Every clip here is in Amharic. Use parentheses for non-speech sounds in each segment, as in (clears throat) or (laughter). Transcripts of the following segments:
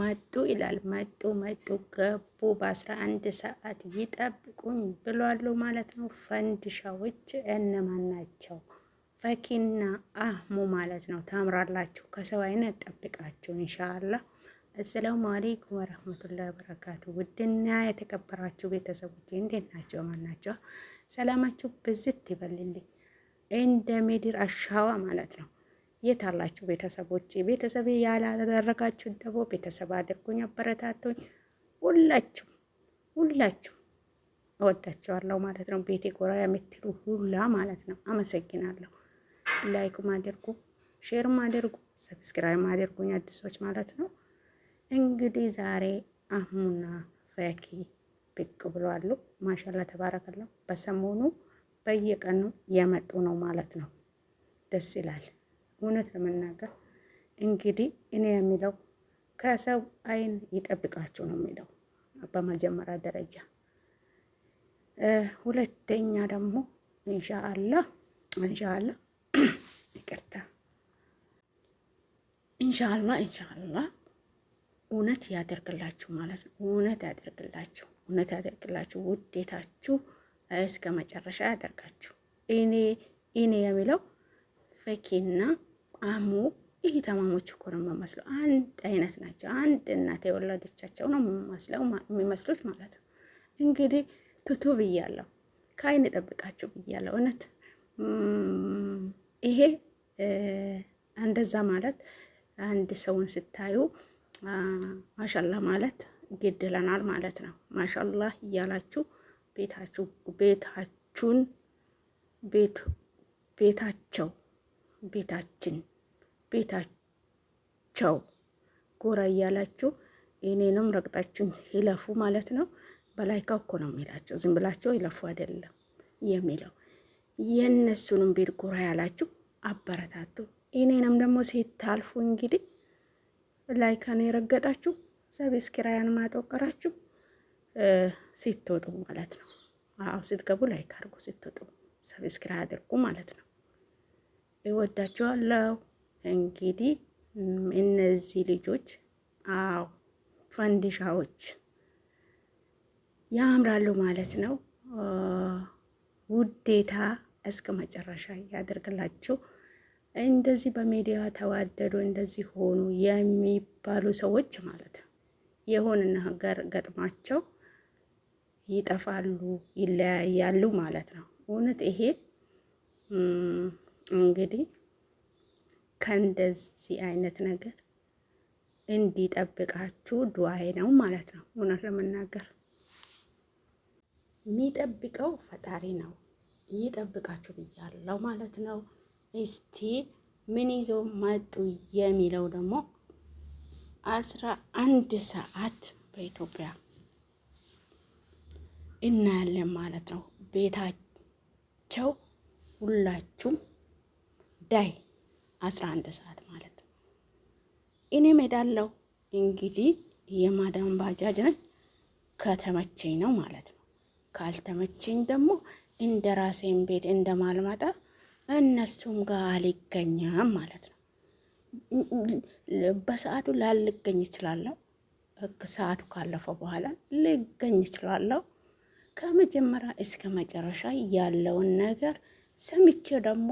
መጡ ይላል። መጡ መጡ ገቡ፣ በአስራ አንድ ሰዓት ይጠብቁኝ ብሏሉ ማለት ነው። ፈንድሻዎች እነማን ናቸው? ፈኪና አህሙ ማለት ነው። ታምራላችሁ። ከሰው አይነት ጠብቃችሁ እንሻላ። አሰላሙ አሌይኩም ወረህመቱላ በረካቱ። ውድና የተከበራችሁ ቤተሰቦች እንዴት ናቸው? ማን ናቸው? ሰላማችሁ ብዝት ይበልልኝ እንደ ምድር አሻዋ ማለት ነው። የት አላችሁ ቤተሰቦች? ቤተሰብ ያላደረጋችሁን ደግሞ ቤተሰብ አድርጉኝ፣ አበረታቱኝ። ሁላችሁ ሁላችሁ እወዳችኋለሁ ማለት ነው። ቤቴ ጎራ የምትሉ ሁላ ማለት ነው። አመሰግናለሁ። ላይኩም አድርጉ፣ ሼርም አድርጉ፣ ሰብስክራይብ አድርጉኝ አዲሶች ማለት ነው። እንግዲህ ዛሬ አህሙና ፈኪ ብቅ ብሏሉ። ማሻላ ተባረከላሁ። በሰሞኑ በየቀኑ የመጡ ነው ማለት ነው። ደስ ይላል። እውነት ለመናገር እንግዲህ እኔ የሚለው ከሰው አይን ይጠብቃችሁ ነው የሚለው በመጀመሪያ ደረጃ። ሁለተኛ ደግሞ እንሻአላ እንሻአላ (clears throat) ይቅርታ እንሻአላ እንሻአላ እውነት ያደርግላችሁ ማለት ነው። እውነት ያደርግላችሁ፣ እውነት ያደርግላችሁ፣ ውዴታችሁ እስከ መጨረሻ ያደርጋችሁ። እኔ እኔ የሚለው ፈኪና አሞ ይህ ተማሞች እኮ ነው የምመስለው። አንድ አይነት ናቸው። አንድ እናት የወለደቻቸው ነው የሚመስሉት ማለት ነው። እንግዲህ ትቱ ብያለሁ፣ ከአይን ጠብቃችሁ ብያለሁ። እውነት ይሄ እንደዛ ማለት አንድ ሰውን ስታዩ ማሻላ ማለት ግድለናል ማለት ነው። ማሻላ እያላችሁ ቤታችሁ ቤታችሁን ቤታቸው ቤታችን ቤታቸው ጎራ እያላችሁ እኔንም ረግጣችሁኝ ይለፉ ማለት ነው። በላይካ እኮ ነው የሚላቸው፣ ዝም ብላቸው ይለፉ አይደለም የሚለው። የእነሱንም ቤት ጎራ ያላችሁ አበረታቱ። እኔንም ደግሞ ሲታልፉ እንግዲህ ላይካን የረገጣችሁ ሰብስክራያን ማጠቀራችሁ ሲትወጡ ማለት ነው። አዎ ስትገቡ ላይክ አድርጉ፣ ስትወጡ ሰብስክራይ አድርጉ ማለት ነው። እወዳችኋለሁ። እንግዲህ እነዚህ ልጆች አዎ ፈንዲሻዎች ያምራሉ ማለት ነው። ውዴታ እስከ መጨረሻ ያደርግላችሁ። እንደዚህ በሚዲያ ተዋደዱ እንደዚህ ሆኑ የሚባሉ ሰዎች ማለት ነው የሆነ ነገር ገጥማቸው ይጠፋሉ፣ ይለያያሉ ማለት ነው። እውነት ይሄ እንግዲህ ከእንደዚህ አይነት ነገር እንዲጠብቃችሁ ዱአዬ ነው ማለት ነው። እውነት ለመናገር የሚጠብቀው ፈጣሪ ነው ይጠብቃችሁ ብያለው ማለት ነው። እስቲ ምን ይዘው መጡ የሚለው ደግሞ አስራ አንድ ሰዓት በኢትዮጵያ እናያለን ማለት ነው። ቤታቸው ሁላችሁም ዳይ አስራ አንድ ሰዓት ማለት ነው። እኔም ሄዳለሁ እንግዲህ የማዳም ባጃጅ ነኝ። ከተመቸኝ ነው ማለት ነው። ካልተመቸኝ ደግሞ እንደ ራሴን ቤት እንደማልመጣ እነሱም ጋር አልገኛም ማለት ነው። በሰዓቱ ላልገኝ ይችላለሁ። ሰዓቱ ካለፈ በኋላ ልገኝ ይችላለሁ። ከመጀመሪያ እስከ መጨረሻ ያለውን ነገር ሰምቼ ደግሞ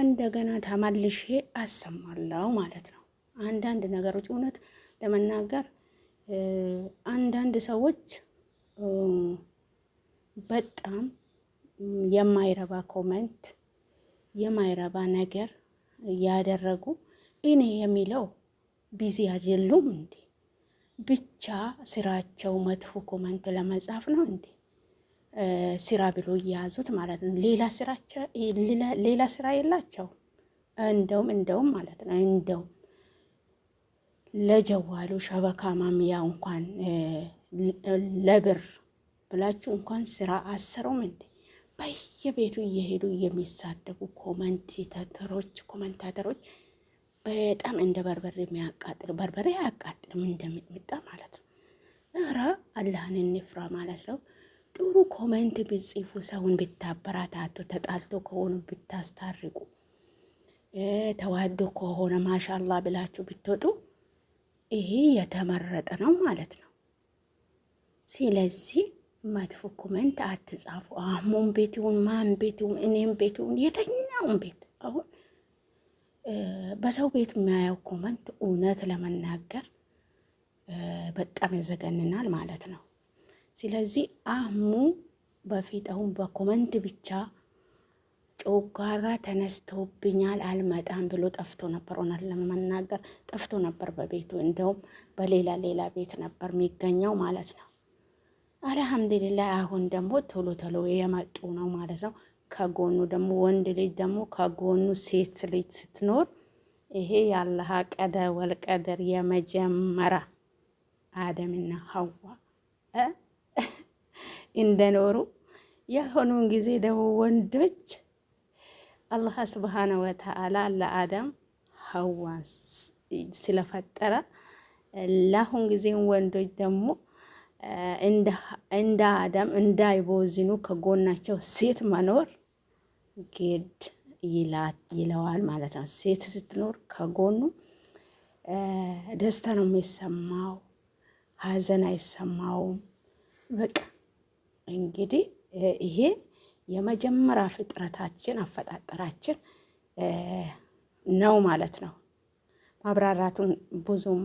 እንደገና ተመልሼ አሰማለሁ ማለት ነው። አንዳንድ ነገሮች እውነት ለመናገር አንዳንድ ሰዎች በጣም የማይረባ ኮመንት የማይረባ ነገር ያደረጉ እኔ የሚለው ቢዚ አይደሉም እንዴ? ብቻ ስራቸው መጥፎ ኮመንት ለመጻፍ ነው እንዴ? ስራ ብሎ እየያዙት ማለት ነው። ሌላ ስራ የላቸው እንደውም እንደውም ማለት ነው እንደውም ለጀዋሉ ሸበካ ማምያ እንኳን ለብር ብላችሁ እንኳን ስራ አስረውም እንዴ በየቤቱ እየሄዱ የሚሳደቡ ኮመንቴተሮች ኮመንታተሮች በጣም እንደ በርበሬ የሚያቃጥል በርበሬ አያቃጥልም እንደሚጣ ማለት ነው። ኧረ አላህን እንፍራ ማለት ነው። ጥሩ ኮመንት ብጽፉ፣ ሰውን ብታበራታቱ፣ ተጣልቶ ከሆኑ ብታስታርቁ፣ ተዋዶ ከሆነ ማሻላ ብላችሁ ብትወጡ ይሄ የተመረጠ ነው ማለት ነው። ስለዚህ መጥፎ ኮመንት አትጻፉ። አህሙን ቤት ይሁን ማን ቤት ይሁን እኔም ቤት ይሁን የተኛውን ቤት አሁን በሰው ቤት የሚያየው ኮመንት እውነት ለመናገር በጣም ይዘገንናል ማለት ነው። ስለዚህ አህሙ በፊት አሁን በኮመንት ብቻ ጮጋራ ተነስቶብኛል አልመጣም ብሎ ጠፍቶ ነበር። ሆናል ለመናገር ጠፍቶ ነበር በቤቱ እንደውም በሌላ ሌላ ቤት ነበር የሚገኘው ማለት ነው። አልሐምዱሊላህ አሁን ደግሞ ቶሎ ቶሎ የመጡ ነው ማለት ነው። ከጎኑ ደግሞ ወንድ ልጅ ደግሞ ከጎኑ ሴት ልጅ ስትኖር ይሄ የአላህ ቀደ ወልቀደር የመጀመራ አደምና ሀዋ (laughs) እንደኖሩ ያሁኑን ጊዜ ደግሞ ወንዶች አላህ ስብሓነ ወተዓላ ለአዳም ሀዋን ስለፈጠረ ለአሁን ጊዜም ወንዶች ደግሞ እንደ አዳም እንዳይቦዝኑ ከጎናቸው ሴት መኖር ግድ ይለዋል ማለት ነው። ሴት ስትኖር ከጎኑ ደስታ ነው የሚሰማው፣ ሀዘን አይሰማውም። በቃ እንግዲህ ይሄ የመጀመሪያ ፍጥረታችን አፈጣጠራችን ነው ማለት ነው። ማብራራቱን ብዙም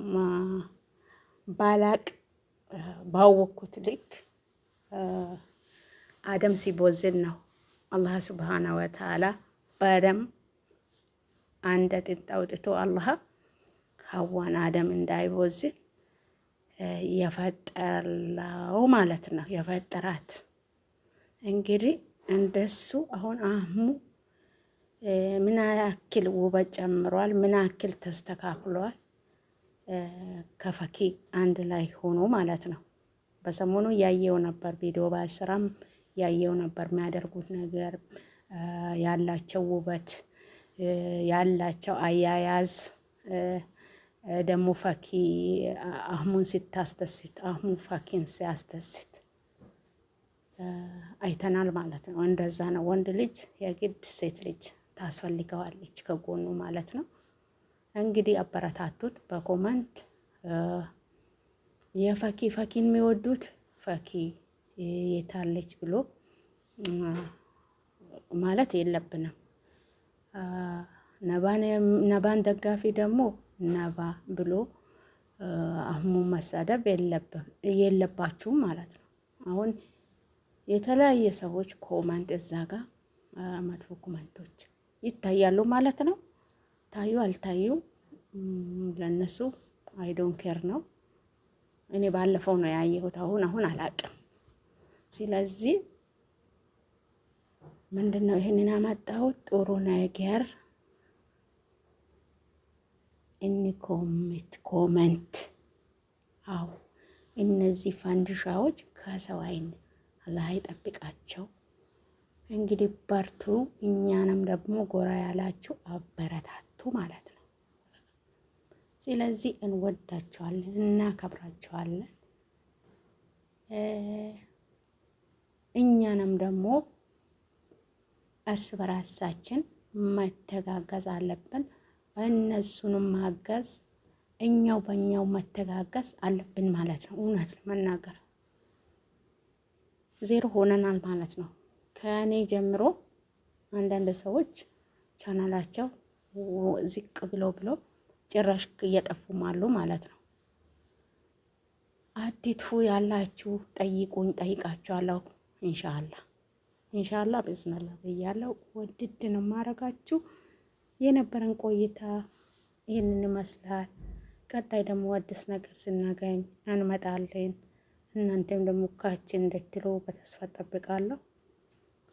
ባላቅ ባወቅኩት ልክ አደም ሲቦዝን ነው አላህ ስብሓነ ወተዓላ በደም አንድ አጥንት አውጥቶ አላህ ሀዋን አደም እንዳይቦዝን የፈጠረው ማለት ነው። የፈጠራት እንግዲህ እንደሱ አሁን አህሙ ምን ያክል ውበት ጨምሯል፣ ምን ያክል ተስተካክሏል ከፈኪ አንድ ላይ ሆኖ ማለት ነው። በሰሞኑ ያየው ነበር ቪዲዮ ባልሰራም ያየው ነበር የሚያደርጉት ነገር ያላቸው ውበት ያላቸው አያያዝ ደግሞ ፋኪ አህሙን ስታስደስት አህሙ ፋኪን ሲያስደስት አይተናል ማለት ነው። እንደዛ ነው። ወንድ ልጅ የግድ ሴት ልጅ ታስፈልገዋለች ከጎኑ ማለት ነው። እንግዲህ አበረታቱት በኮመንት የፋኪ ፈኪን የሚወዱት ፋኪ የታለች ብሎ ማለት የለብንም። ነባን ደጋፊ ደግሞ ነባ ብሎ አህሙ መሳደብ የለባችሁ ማለት ነው። አሁን የተለያየ ሰዎች ኮመንት እዛ ጋር መጥፎ ኮመንቶች ይታያሉ ማለት ነው። ታዩ አልታዩ ለነሱ አይዶን ኬር ነው። እኔ ባለፈው ነው ያየሁት፣ አሁን አሁን አላቅም። ስለዚህ ምንድን ነው ይህንን ያመጣሁት ጥሩ ነገር እንኮምት ኮመንት አው እነዚህ ፋንድሻዎች ከሰው አይን አላህ ይጠብቃቸው። እንግዲህ በርቱ፣ እኛንም ደግሞ ጎራ ያላችሁ አበረታቱ ማለት ነው። ስለዚህ እንወዳችኋለን፣ እናከብራችኋለን። እኛንም ደግሞ እርስ በራሳችን መተጋገዝ አለብን። እነሱንም ማገዝ እኛው በእኛው መተጋገዝ አለብን ማለት ነው። እውነት መናገር ዜሮ ሆነናል ማለት ነው። ከእኔ ጀምሮ አንዳንድ ሰዎች ቻናላቸው ዝቅ ብሎ ብሎ ጭራሽ እየጠፉም አሉ ማለት ነው። አትጥፉ ያላችሁ ጠይቁኝ፣ ጠይቃችኋለሁ። ኢንሻአላ ኢንሻአላ ብዝነላ ብያለሁ። ወድድ ነው ማረጋችሁ። የነበረን ቆይታ ይህንን ይመስላል። ቀጣይ ደግሞ አዲስ ነገር ስናገኝ እንመጣለን። እናንተም ደግሞ ካችን እንድትሉ በተስፋ ጠብቃለሁ።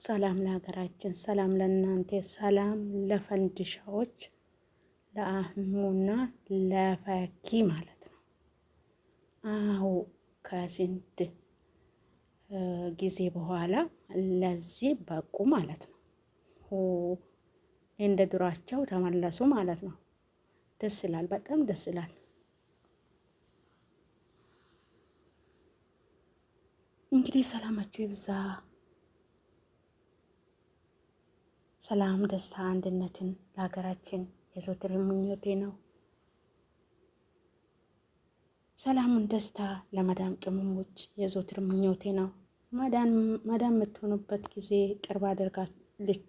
ሰላም ለሀገራችን፣ ሰላም ለእናንተ፣ ሰላም ለፈንድሻዎች፣ ለአህሙና ለፈኪ ማለት ነው። አሁ ከስንት ጊዜ በኋላ ለዚህ በቁ ማለት ነው። እንደ ድሯቸው ተመለሱ ማለት ነው። ደስ ይላል፣ በጣም ደስ ይላል። እንግዲህ ሰላማችሁ ይብዛ። ሰላም፣ ደስታ፣ አንድነትን ለሀገራችን የዘወትር ምኞቴ ነው። ሰላሙን ደስታ ለመዳም ቅመሞች የዘወትር ምኞቴ ነው። መዳም የምትሆኑበት ጊዜ ቅርብ አድርጋልች።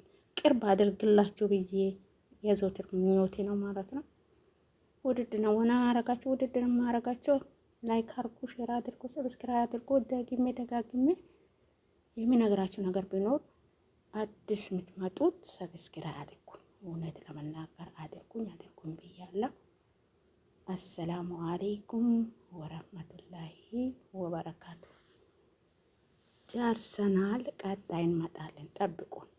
ቅርብ አድርግላችሁ ብዬ የዘወትር ምኞቴ ነው ማለት ነው። ውድድ ነው ወና አረጋቸው ውድድ ነው ማረጋቸው። ላይክ አድርጉ፣ ሼር አድርጎ፣ ሰብስክራይብ አድርጎ። ደግሜ ደጋግሜ የሚነግራችሁ ነገር ቢኖር አዲስ የምትመጡት ሰብስክራይብ አድርጉ፣ እውነት ለመናገር አድርጉኝ አድርጉኝ ብያለሁ። አሰላሙ አሌይኩም ወረህመቱላሂ ወበረካቱ። ጨርሰናል። ቀጣይ እንመጣለን፣ ጠብቁን።